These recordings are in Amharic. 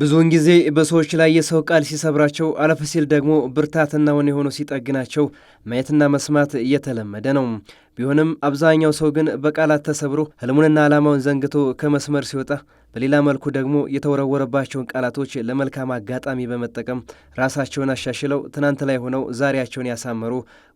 ብዙውን ጊዜ በሰዎች ላይ የሰው ቃል ሲሰብራቸው አለፍ ሲል ደግሞ ብርታትና ወኔ ሆኖ ሲጠግናቸው ማየትና መስማት እየተለመደ ነው። ቢሆንም አብዛኛው ሰው ግን በቃላት ተሰብሮ ህልሙንና ዓላማውን ዘንግቶ ከመስመር ሲወጣ በሌላ መልኩ ደግሞ የተወረወረባቸውን ቃላቶች ለመልካም አጋጣሚ በመጠቀም ራሳቸውን አሻሽለው ትናንት ላይ ሆነው ዛሬያቸውን ያሳመሩ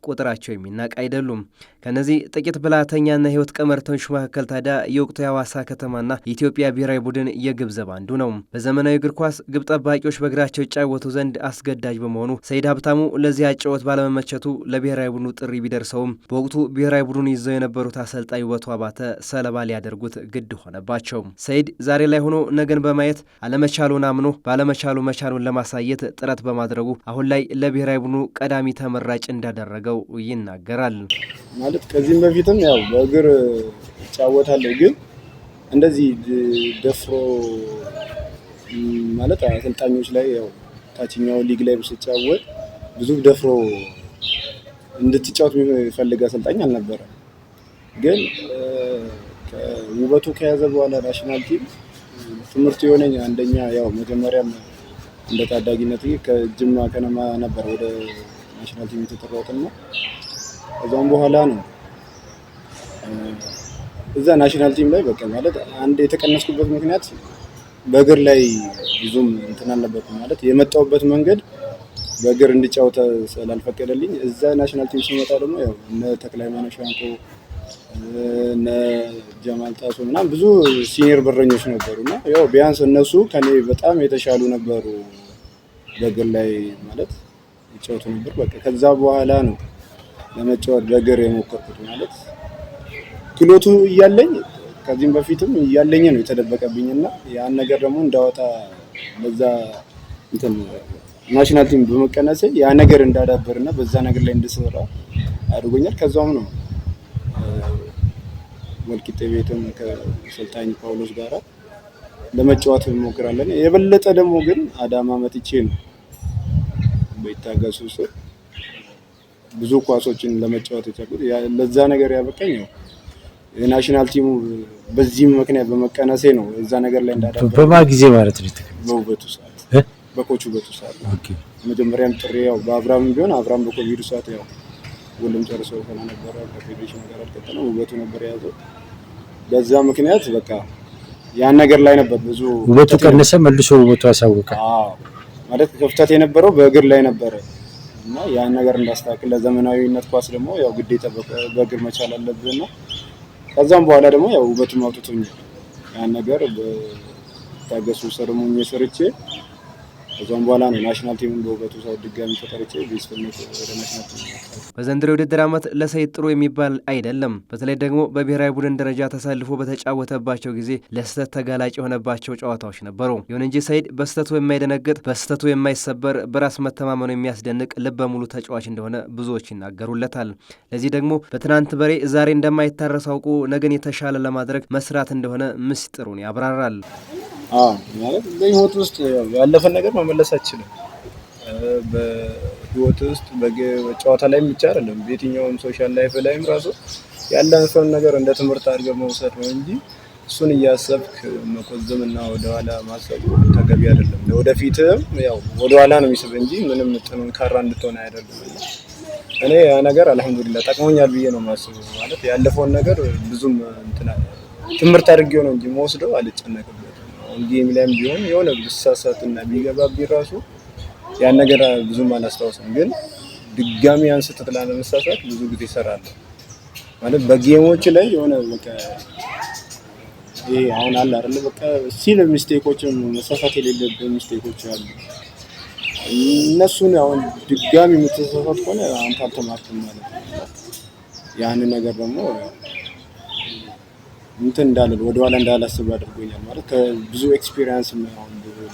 ቁጥራቸው የሚናቅ አይደሉም። ከእነዚህ ጥቂት ብልሃተኛና ሕይወት ቀመርተኞች መካከል ታዲያ የወቅቱ የሐዋሳ ከተማና የኢትዮጵያ ብሔራዊ ቡድን የግብ ዘብ አንዱ ነው። በዘመናዊ እግር ኳስ ግብ ጠባቂዎች በእግራቸው ይጫወቱ ዘንድ አስገዳጅ በመሆኑ ሰይድ ሀብታሙ ለዚህ አጨዋወት ባለመመቸቱ ለብሔራዊ ቡድኑ ጥሪ ቢደርሰውም በወቅቱ ብሔራዊ ቡድኑ ይዘው የነበሩት አሰልጣኝ ውበቱ አባተ ሰለባ ሊያደርጉት ግድ ሆነባቸው። ሰይድ ዛሬ ላይ ሆኖ ነገን በማየት አለመቻሉን አምኖ ባለመቻሉ መቻሉን ለማሳየት ጥረት በማድረጉ አሁን ላይ ለብሔራዊ ቡድኑ ቀዳሚ ተመራጭ እንዳደረገው ይናገራል። ማለት ከዚህም በፊትም ያው በእግር እጫወታለሁ ግን እንደዚህ ደፍሮ ማለት አሰልጣኞች ላይ ያው ታችኛው ሊግ ላይ ስጫወት ብዙ ደፍሮ እንድትጫወት የሚፈልግ አሰልጣኝ አልነበረም። ግን ውበቱ ከያዘ በኋላ ናሽናል ቲም ትምህርቱ የሆነኝ አንደኛ ያው መጀመሪያም እንደ ታዳጊነት ከጅማ ከነማ ነበር ወደ ናሽናል ቲም የተጠራሁትና እዛም በኋላ ነው እዛ ናሽናል ቲም ላይ በቃ ማለት አንድ የተቀነስኩበት ምክንያት በእግር ላይ ብዙም እንትን አልነበርኩም። ማለት የመጣሁበት መንገድ በእግር እንድጫወት ስላልፈቀደልኝ እዛ ናሽናል ቲም ሲመጣ ደግሞ ያው እነ ተክለ ሃይማኖት ሻንቆ እነ ጀማል ጣሶ ምናምን ብዙ ሲኒየር በረኞች ነበሩ እና ያው ቢያንስ እነሱ ከኔ በጣም የተሻሉ ነበሩ። በእግር ላይ ማለት ይጫወቱ ነበር። በቃ ከዛ በኋላ ነው ለመጫወት በእግር የሞከርኩት ማለት ክሎቱ እያለኝ ከዚህም በፊትም እያለኝ ነው የተደበቀብኝ እና ያን ነገር ደግሞ እንዳወጣ በዛ ናሽናል ቲም በመቀነሴ ያ ነገር እንዳዳበር እና በዛ ነገር ላይ እንድሰራ አድርጎኛል። ከዛም ነው ወልቂጤ ቤትም ከአሰልጣኝ ጳውሎስ ጋር ለመጫወት እንሞክራለን። የበለጠ ደግሞ ግን አዳማ መጥቼ ነው በይታገሱ ስር ብዙ ኳሶችን ለመጫወት የቻልኩት። ለዛ ነገር ያበቃኝ ነው የናሽናል ቲሙ በዚህ ምክንያት በመቀነሴ ነው። እዛ ነገር ላይ እንዳዳ በማ ጊዜ ማለት ነው በውበቱ ሰዓት በኮቹ በቱ ሰዓት መጀመሪያም ጥሪ ያው በአብርሃም ቢሆን አብርሃም በኮቪዱ ሰዓት ያው ሁሉም ጨርሶ ገና ነበረ ከፌዴሬሽኑ ጋር አልቀጠለም። ውበቱ ነበር የያዘው። በዛ ምክንያት በቃ ያን ነገር ላይ ነበር ብዙ ውበቱ ቀነሰ፣ መልሶ ውበቱ አሳወቀ። ማለት ክፍተት የነበረው በእግር ላይ ነበረ እና ያን ነገር እንዳስተካክል ለዘመናዊነት ኳስ ደግሞ ያው ግዴታ በእግር መቻል አለብን ነው። ከዛም በኋላ ደግሞ ያው ውበቱን አውጥቶኛል። ያን ነገር በታገሱ ሰርሙኝ ሰርቼ ከዛም በኋላ ነው ናሽናል ቲም በውበቱ ሰው ድጋሚ ተጠርቼ ቤስፍነት ወደ ናሽናል ቲም በዘንድሮ የውድድር ዓመት ለሰይድ ጥሩ የሚባል አይደለም። በተለይ ደግሞ በብሔራዊ ቡድን ደረጃ ተሰልፎ በተጫወተባቸው ጊዜ ለስህተት ተጋላጭ የሆነባቸው ጨዋታዎች ነበሩ። ይሁን እንጂ ሰይድ በስህተቱ የማይደነግጥ በስህተቱ የማይሰበር በራስ መተማመኑ የሚያስደንቅ ልበ ሙሉ ተጫዋች እንደሆነ ብዙዎች ይናገሩለታል። ለዚህ ደግሞ በትናንት በሬ ዛሬ እንደማይታረስ አውቁ ነገን የተሻለ ለማድረግ መስራት እንደሆነ ምስጢሩን ያብራራል። ማለት በህይወት ውስጥ ያለፈን ነገር መመለስ አችልም። በህይወት ውስጥ በጨዋታ ላይም ብቻ አይደለም፣ በየትኛውም ሶሻል ላይፍ ላይም ራሱ ያለፈን ነገር እንደ ትምህርት አድርገ መውሰድ ነው እንጂ እሱን እያሰብክ መቆዘም እና ወደኋላ ማሰብ ተገቢ አይደለም። ወደፊትም ያው ወደኋላ ነው የሚስብ እንጂ ምንም ጠንካራ እንድትሆን አያደርግም። እኔ ያ ነገር አልሐምዱሊላ ጠቅሞኛል ብዬ ነው የማስበው። ማለት ያለፈውን ነገር ብዙም ትምህርት አድርጌው ነው እንጂ መወስደው አልጨነቅም። ጌም ላይም ቢሆን የሆነ ብሳሳትና ቢገባብኝ ራሱ ያን ነገር ብዙም አላስታውስም፣ ግን ድጋሚ ያን ስህተት ላለመሳሳት ብዙ ጊዜ ይሰራል። ማለት በጌሞች ላይ የሆነ በቃ ይሄ አሁን አለ አይደል፣ በቃ ሲል ሚስቴኮችም መሳሳት የሌለብህ ሚስቴኮች አሉ። እነሱን አሁን ድጋሚ የምትሳሳት ከሆነ አንተ አልተማርክም ማለት ነው። ያን ነገር ደግሞ እንትን እንዳለ ወደኋላ እንዳላስብ አድርጎኛል። ማለት ከብዙ ኤክስፒሪንስ ሁን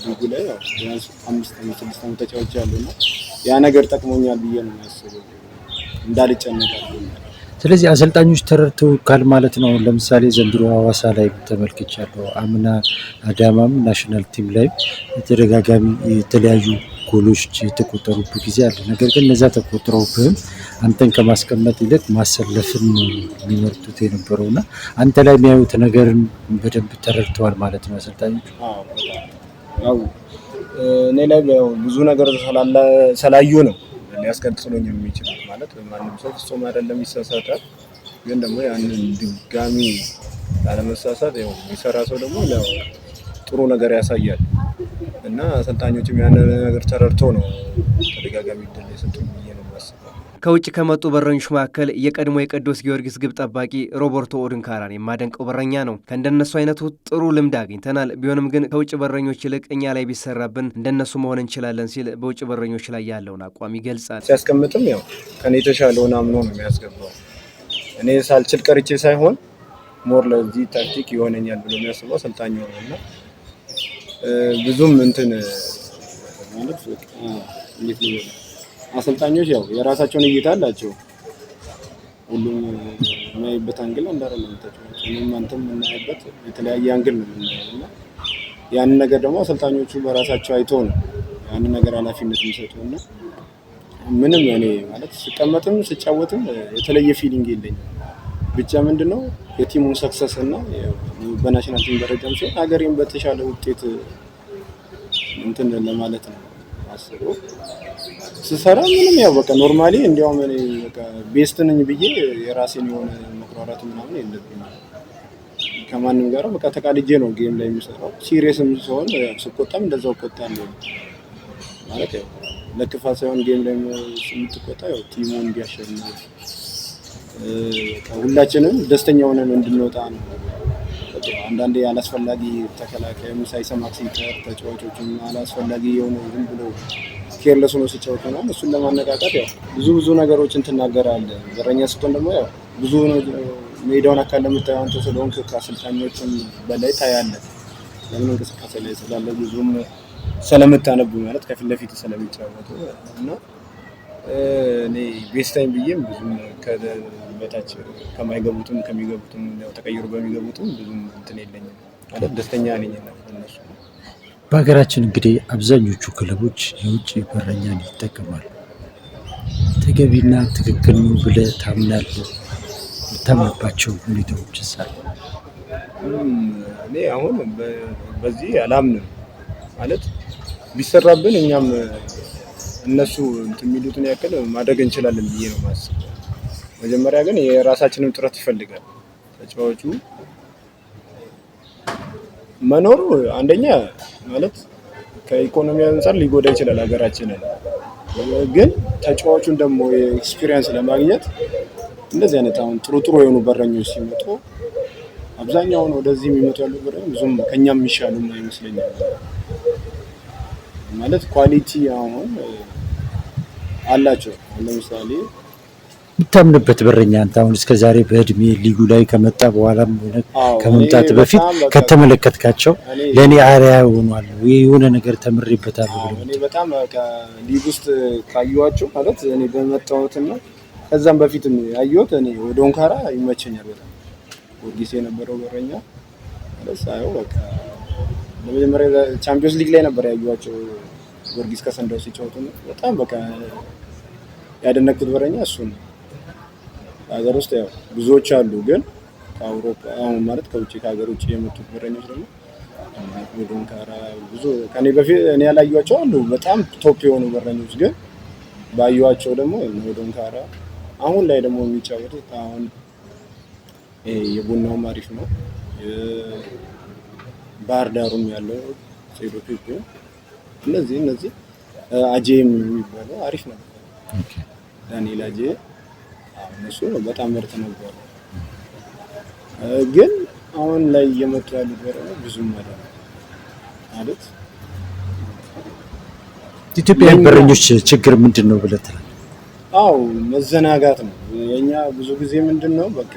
ሊጉ ላይ ቢያንስ አምስት ዓመት ስድስት ዓመት ተጫዋች ያለው ነው ያ ነገር ጠቅሞኛል ብዬ ነው ያስበው እንዳልጨነቅ ስለዚህ አሰልጣኞች ተረድተውካል ማለት ነው። ለምሳሌ ዘንድሮ ሐዋሳ ላይ ተመልክቻለሁ። አምና አዳማም ናሽናል ቲም ላይ ተደጋጋሚ የተለያዩ ጎሎች የተቆጠሩብህ ጊዜ አለ። ነገር ግን እነዛ ተቆጥረውብህም አንተን ከማስቀመጥ ይልቅ ማሰለፍን የሚመርጡት የነበረው እና አንተ ላይ የሚያዩት ነገርን በደንብ ተረድተዋል ማለት ነው አሰልጣኞች እኔ ላይ ብዙ ነገር ስላዩ ነው ሊያስቀጥሎ የሚችሉት ማለት ማንም ሰው ፍጹም አይደለም፣ ይሳሳታል። ግን ደግሞ ያንን ድጋሚ ላለመሳሳት የሚሰራ ሰው ደግሞ ጥሩ ነገር ያሳያል። እና አሰልጣኞችም ያን ነገር ተረድቶ ነው ተደጋጋሚ ድል የሰጡ ብዬ ነው ከውጭ ከመጡ በረኞች መካከል የቀድሞ የቅዱስ ጊዮርጊስ ግብ ጠባቂ ሮበርቶ ኦድንካራን የማደንቀው በረኛ ነው። ከእንደነሱ አይነቱ ጥሩ ልምድ አግኝተናል። ቢሆንም ግን ከውጭ በረኞች ይልቅ እኛ ላይ ቢሰራብን እንደነሱ መሆን እንችላለን ሲል በውጭ በረኞች ላይ ያለውን አቋም ይገልጻል። ሲያስቀምጥም ያው ከኔ የተሻለውን አምኖ ነው የሚያስገባው። እኔ ሳልችል ቀርቼ ሳይሆን ሞር ለዚህ ታክቲክ ይሆነኛል ብሎ የሚያስበው አሰልጣኝ ነው እና ብዙም እንትን ማለት እንዴት አሰልጣኞች ያው የራሳቸውን እይታ አላቸው። ሁሉም የምናይበት አንግል እንዳረለ ምንም አንተም የምናይበት የተለያየ አንግል ነው የምናየው እና ያንን ነገር ደግሞ አሰልጣኞቹ በራሳቸው አይቶ ነው ያንን ነገር ኃላፊነት የሚሰጡ እና ምንም እኔ ማለት ስቀመጥም ስጫወትም የተለየ ፊሊንግ የለኝም። ብቻ ምንድነው የቲሙን ሰክሰስ እና በናሽናል ቲም ደረጃም ሲሆን ሀገሬን በተሻለ ውጤት እንትን ለማለት ነው አስበው ስሰራ ምንም ያው በቃ ኖርማሊ እንዲያውም እኔ በቃ ቤስት ነኝ ብዬ የራሴን የሆነ መኩራራት ምናምን የለብኝም። ከማንም ጋር በቃ ተቃልጄ ነው ጌም ላይ የሚሰራው። ሲሪየስም ሲሆን ስቆጣም እንደዛው እቆጣለሁ። ማለት ያው ለክፋት ሳይሆን ጌም ላይ የምትቆጣ ያው ቲሙን እንዲያሸንፍ ሁላችንም ደስተኛ ሆነን እንድንወጣ ነው አንዳንዴ አላስፈላጊ ተከላካዩም ሳይሰማ ሲቀር ተጫዋቾችም አላስፈላጊ የሆነ ዝም ብሎ ኬርለስ ነው ሲጫወት ሆናል። እሱን ለማነቃቃት ያው ብዙ ብዙ ነገሮችን ትናገራለህ። ዘረኛ ስትሆን ደግሞ ያው ብዙ ሜዳውን አካል ለምታየው አንተ ስለሆንክ ከአሰልጣኞችም በላይ ታያለህ። ለምን እንቅስቃሴ ላይ ስላለ ብዙም ስለምታነቡ ማለት ከፊት ለፊት ስለሚጫወቱ እና እኔ ቤስታይም ብዬም ብዙም በታች ከማይገቡትም ከሚገቡትም ተቀይሮ በሚገቡትም ብዙም እንትን የለኝም ማለት ደስተኛ ነኝ። እነሱ በሀገራችን እንግዲህ አብዛኞቹ ክለቦች የውጭ በረኛን ይጠቀማሉ። ተገቢና ትክክል ነው ብለህ ታምናለህ? የምታምንባቸው ሁኔታዎች ሳል እኔ አሁን በዚህ አላምንም ማለት ቢሰራብን እኛም እነሱ የሚሉትን ያክል ማድረግ እንችላለን ብዬ ነው ማስብ መጀመሪያ ግን የራሳችንም ጥረት ይፈልጋል። ተጫዋቹ መኖሩ አንደኛ ማለት ከኢኮኖሚ አንጻር ሊጎዳ ይችላል ሀገራችንን። ግን ተጫዋቹን ደግሞ ኤክስፒሪየንስ ለማግኘት እንደዚህ አይነት አሁን ጥሩ ጥሩ የሆኑ በረኞች ሲመጡ አብዛኛውን ወደዚህ የሚመጡ ያሉ በረኞች ብዙም ከኛ የሚሻሉ አይመስለኛል። ማለት ኳሊቲ አሁን አላቸው ለምሳሌ የምታምንበት በረኛ አንተ አሁን እስከ ዛሬ በእድሜ ሊጉ ላይ ከመጣ በኋላም ሆነ ከመምጣት በፊት ከተመለከትካቸው ለእኔ አርያ ሆኗል፣ የሆነ ነገር ተምሬበታል። ብለህ በጣም ሊግ ውስጥ ካየኋቸው ማለት እኔ በመጣሁትና ከዛም በፊትም ያየሁት እኔ ወደ ኦንካራ ይመቸኛል በጣም ጊዜ የነበረው በረኛ ሳየው በቃ ለመጀመሪያ ቻምፒዮንስ ሊግ ላይ ነበር ያዩዋቸው ጊዮርጊስ ከሰንዳው ሲጫወቱ በጣም በቃ ያደነኩት በረኛ እሱ ነው። ሀገር ውስጥ ያው ብዙዎች አሉ፣ ግን ከአውሮፓ አሁን ማለት ከውጭ ከሀገር ውጭ የመጡት በረኞች ደግሞ ቡድን ብዙ ከኔ በፊት እኔ ያላየኋቸው አሉ በጣም ቶፕ የሆኑ በረኞች፣ ግን ባየኋቸው ደግሞ ቡድን አሁን ላይ ደግሞ የሚጫወቱት አሁን የቡናውም አሪፍ ነው ባህር ዳሩም ያለው ሴዶች ግን እነዚህ እነዚህ አጄም የሚባለው አሪፍ ነው። ዳንኤል አጄ እሱ በጣም ምርት ነበረ። ግን አሁን ላይ እየመጡ ያሉ ዶሮ ብዙም አለ ማለት ኢትዮጵያ በረኞች ችግር ምንድን ነው ብለህ ትላለህ? አው መዘናጋት ነው። የኛ ብዙ ጊዜ ምንድን ነው በቃ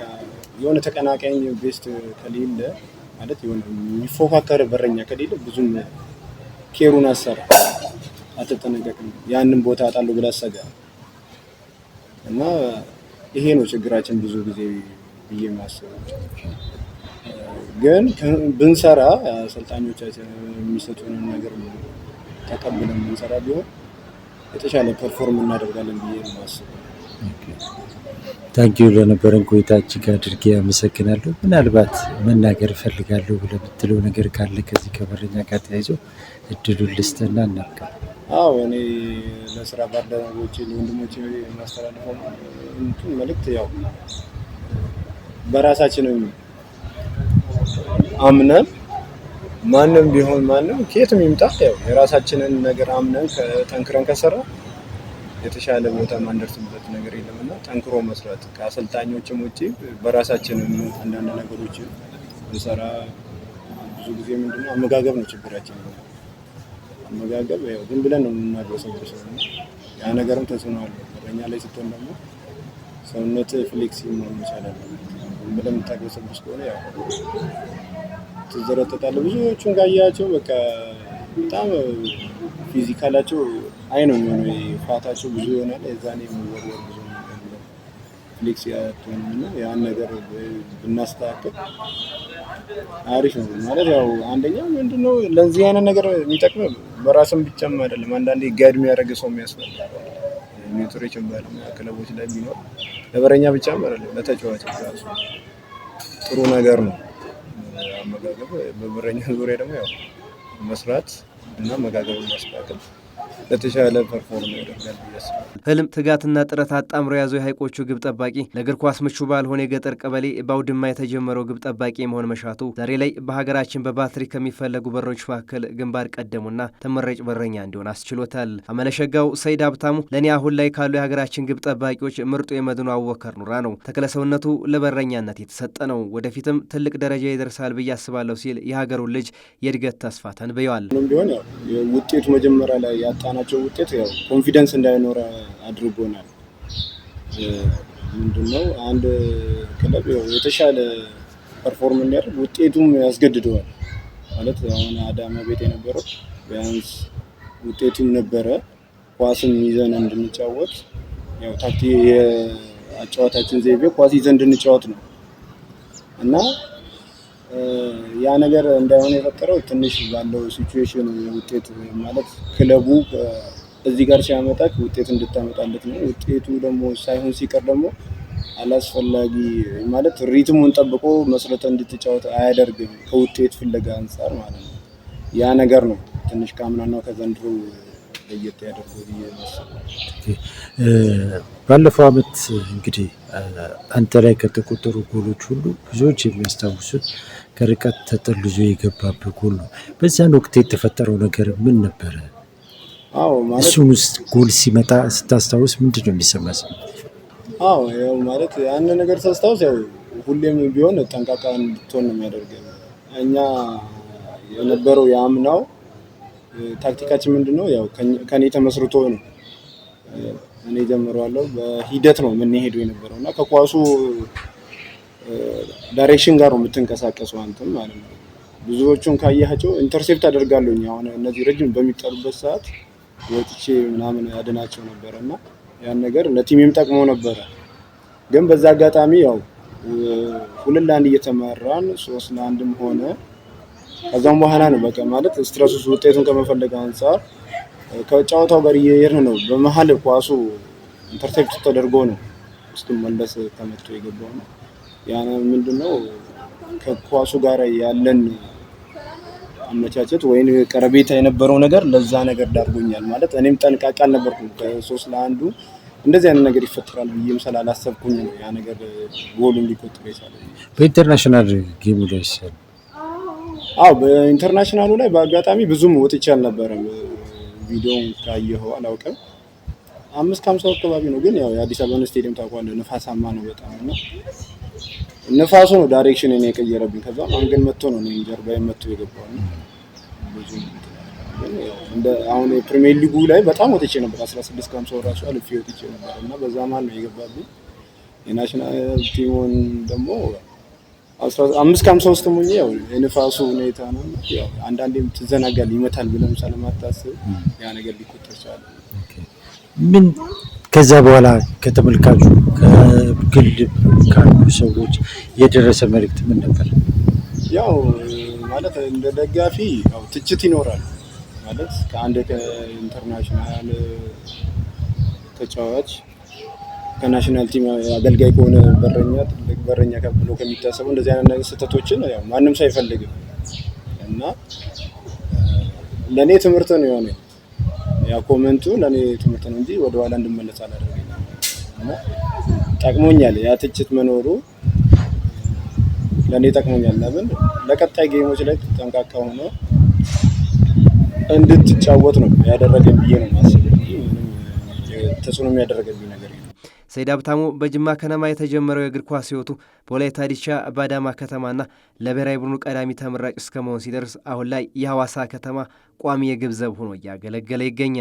የሆነ ተቀናቃኝ ቤስት ከሌለ ማለት የሆነ የሚፎካከር በረኛ ከሌለ ብዙም ኬሩን አሰራ አትጠነቀቅም። ያንን ቦታ አጣለሁ ብላ አሰጋ እና ይሄ ነው ችግራችን ብዙ ጊዜ ብዬ የማስበው። ግን ብንሰራ አሰልጣኞቻችን የሚሰጡንን ነገር ተቀብለን ብንሰራ ቢሆን የተሻለ ፐርፎርም እናደርጋለን ብዬ ነው የማስበው። ታንኪዩ ለነበረን ቆይታ እጅግ አድርጌ አመሰግናለሁ። ምናልባት መናገር እፈልጋለሁ ብለህ የምትለው ነገር ካለ ከዚህ ከበረኛ ጋር ተያይዞ እድሉን ልስጥና እናብቃለን። አዎ እኔ ለስራ ባልደረቦቼ ለወንድሞቼ የማስተላልፈው እንትን መልእክት ያው በራሳችንም አምነን ማንም ቢሆን ማንም ከየትም ይምጣ ያው የራሳችንን ነገር አምነን ጠንክረን ከሰራ የተሻለ ቦታ ማንደርስበት ነገር የለምና ጠንክሮ መስራት ከአሰልጣኞችም ውጭ በራሳችንም አንዳንድ ነገሮችን ብንሰራ ብዙ ጊዜ ምንድነው አመጋገብ ነው ችግራችን ነው። አመጋገብ ዝም ብለን ነው የምናድረው ሰዎች ያ ነገርም ተጽዕኖ አለው። በረኛ ላይ ስትሆን ደግሞ ሰውነት ፍሌክሲ መሆን ይቻላል። ዝም ብለን የምታገብ ሰዎች ከሆነ ያው ትዘረጠጣለህ። ብዙዎቹን ጋያቸው በቃ በጣም ፊዚካላቸው አይ ነው የሚሆነው ፋታቸው ብዙ ይሆናል። የዛኔ የሚወርወር ብዙ ኔትፍሊክስ ያትሆንም እና ያን ነገር ብናስተካክል አሪፍ ነው ማለት ያው አንደኛ ምንድነው ለዚህ አይነት ነገር የሚጠቅመው በራስም ብቻም አይደለም። አንዳንዴ ጋድ የሚያደርግ ሰው የሚያስፈልግ ሜቶሬችን ባለሙያ ክለቦች ላይ ቢኖር ለበረኛ ብቻም አይደለም፣ ለተጫዋች ራሱ ጥሩ ነገር ነው። አመጋገብ በበረኛ ዙሪያ ደግሞ ያው መስራት እና አመጋገብ ማስተካከል ለተሻለ ፐርፎርም ያደርጋል። ህልም ትጋትና ጥረት አጣምሮ የያዘው የሀይቆቹ ግብ ጠባቂ ለእግር ኳስ ምቹ ባልሆነ የገጠር ቀበሌ በአውድማ የተጀመረው ግብ ጠባቂ መሆን መሻቱ ዛሬ ላይ በሀገራችን በባትሪ ከሚፈለጉ በሮች መካከል ግንባር ቀደሙና ተመራጭ በረኛ እንዲሆን አስችሎታል። አመለሸጋው ሰይድ ሀብታሙ ለእኔ አሁን ላይ ካሉ የሀገራችን ግብ ጠባቂዎች ምርጡ የመድኑ አወከር ኑራ ነው። ተክለሰውነቱ ለበረኛነት የተሰጠ ነው። ወደፊትም ትልቅ ደረጃ ይደርሳል ብዬ አስባለሁ ሲል የሀገሩን ልጅ የእድገት ተስፋ ተንብየዋል። ቢሆን ውጤቱ መጀመሪያ ላይ ያጣ ያመጣናቸው ውጤት ያው ኮንፊደንስ እንዳይኖረ አድርጎናል። ምንድን ነው አንድ ክለብ የተሻለ ፐርፎርም እንዲያደርግ ውጤቱም ያስገድደዋል። ማለት አሁን አዳማ ቤት የነበረው ቢያንስ ውጤቱም ነበረ ኳስም ይዘን እንድንጫወት ያው ታክቲ የአጫዋታችን ዘይቤ ኳስ ይዘን እንድንጫወት ነው እና ያ ነገር እንዳይሆን የፈጠረው ትንሽ ባለው ሲቹዌሽን ውጤት ማለት ክለቡ እዚህ ጋር ሲያመጣክ ውጤት እንድታመጣለት ነው። ውጤቱ ደግሞ ሳይሆን ሲቀር ደግሞ አላስፈላጊ ማለት ሪትሙን ጠብቆ መስረተ እንድትጫወት አያደርግም፣ ከውጤት ፍለጋ አንጻር ማለት ነው። ያ ነገር ነው ትንሽ ከአምናናው ከዘንድሮ ለየት ያደርገው ብዬ ባለፈው ዓመት እንግዲህ አንተ ላይ ከተቆጠሩ ጎሎች ሁሉ ብዙዎች የሚያስታውሱት ከርቀት ተጠልዞ የገባበት ጎል ነው። በዚያን ወቅት የተፈጠረው ነገር ምን ነበረ? እሱን ውስጥ ጎል ሲመጣ ስታስታውስ ምንድን ነው የሚሰማ? አዎ ያው ማለት ያን ነገር ሳስታውስ ያው ሁሌም ቢሆን ጠንቃቃ እንድትሆን ነው የሚያደርገን እኛ የነበረው የአምናው ታክቲካችን ምንድን ነው? ያው ከኔ ተመስርቶ ነው እኔ ጀምረዋለሁ። በሂደት ነው የምንሄደው የነበረው እና ከኳሱ ዳይሬክሽን ጋር ነው የምትንቀሳቀሰው አንተም ማለት ነው። ብዙዎቹን ካያቸው ኢንተርሴፕት አደርጋለሁኝ። አሁን እነዚህ ረጅም በሚጠሩበት ሰዓት ወጥቼ ምናምን ያድናቸው ነበረ እና ያን ነገር ለቲሜም ጠቅሞ ነበረ። ግን በዛ አጋጣሚ ያው ሁለት ለአንድ እየተመራን ሶስት ለአንድም ሆነ ከዛም በኋላ ነው በቃ ማለት ስትረሱ ውጤቱን ከመፈለግ አንጻር ከጨዋታው ጋር እየሄድን ነው። በመሀል ኳሱ ኢንተርሴፕት ተደርጎ ነው ውስጥ መለስ ተመቶ የገባው ነው። ያ ምንድነው ከኳሱ ጋር ያለን አመቻቸት ወይም ቀረቤታ የነበረው ነገር ለዛ ነገር ዳርጎኛል። ማለት እኔም ጠንቃቂ አልነበርኩም። ከሶስት ለአንዱ እንደዚህ አይነት ነገር ይፈጠራል ብዬም ስላላሰብኩኝ ነው ያ ነገር ጎሉ እንዲቆጠር የቻለ በኢንተርናሽናል ጌም ላይ አዎ በኢንተርናሽናሉ ላይ በአጋጣሚ ብዙም ወጥቼ አልነበረም። ቪዲዮን ካየኸው አላውቅም። አምስት ከሀምሳ አካባቢ ነው። ግን ያው የአዲስ አበባን ስቴዲየም ታውቋለህ፣ ንፋሳማ ነው በጣም እና ንፋሱ ነው ዳይሬክሽን እኔ የቀየረብኝ። ከዛ አንገል መጥቶ ነው እኔ ጀርባዬ መጥቶ የገባው ነው። እንደ አሁን የፕሪሚየር ሊጉ ላይ በጣም ወጥቼ ነበር። 16 ከሀምሳ ራሱ አልፌ ወጥቼ ነበር እና በዛ ማን ነው የገባብኝ የናሽናል ቲሙን ደግሞ አምስት ከሀምሳ ውስጥ ሆኜ ያው የንፋሱ ሁኔታ ነው። አንዳንዴም ትዘናጋል ይመታል ብለም ስለማታስብ ያ ነገር ሊቆጠር ይችላል። ምን ከዛ በኋላ ከተመልካቹ ግል ካሉ ሰዎች የደረሰ መልእክት ምን ነበር? ያው ማለት እንደ ደጋፊ ያው ትችት ይኖራል ማለት ከአንድ ኢንተርናሽናል ተጫዋች ከናሽናል ቲም አገልጋይ ከሆነ በረኛ ትልቅ በረኛ ብሎ ከሚታሰቡ እንደዚህ አይነት ነገር ስህተቶችን ማንም ሰው አይፈልግም እና ለእኔ ትምህርት ነው የሆነ ያ ኮመንቱ ለእኔ ትምህርት ነው እንጂ ወደኋላ እንድመለስ አላደረገኝ እና ጠቅሞኛል። ያ ትችት መኖሩ ለእኔ ጠቅሞኛል። ለምን ለቀጣይ ጌሞች ላይ ጠንቃቃ ሆነ እንድትጫወት ነው ያደረገኝ ብዬ ነው ማስብ። ተጽዕኖ የሚያደረገብኝ ነገር ሰይድ ሀብታሙ በጅማ ከነማ የተጀመረው የእግር ኳስ ሕይወቱ በወላይታ ዲቻ በአዳማ ከተማና ለብሔራዊ ቡድኑ ቀዳሚ ተመራጭ እስከ መሆን ሲደርስ አሁን ላይ የሐዋሳ ከተማ ቋሚ የግብ ዘብ ሆኖ እያገለገለ ይገኛል።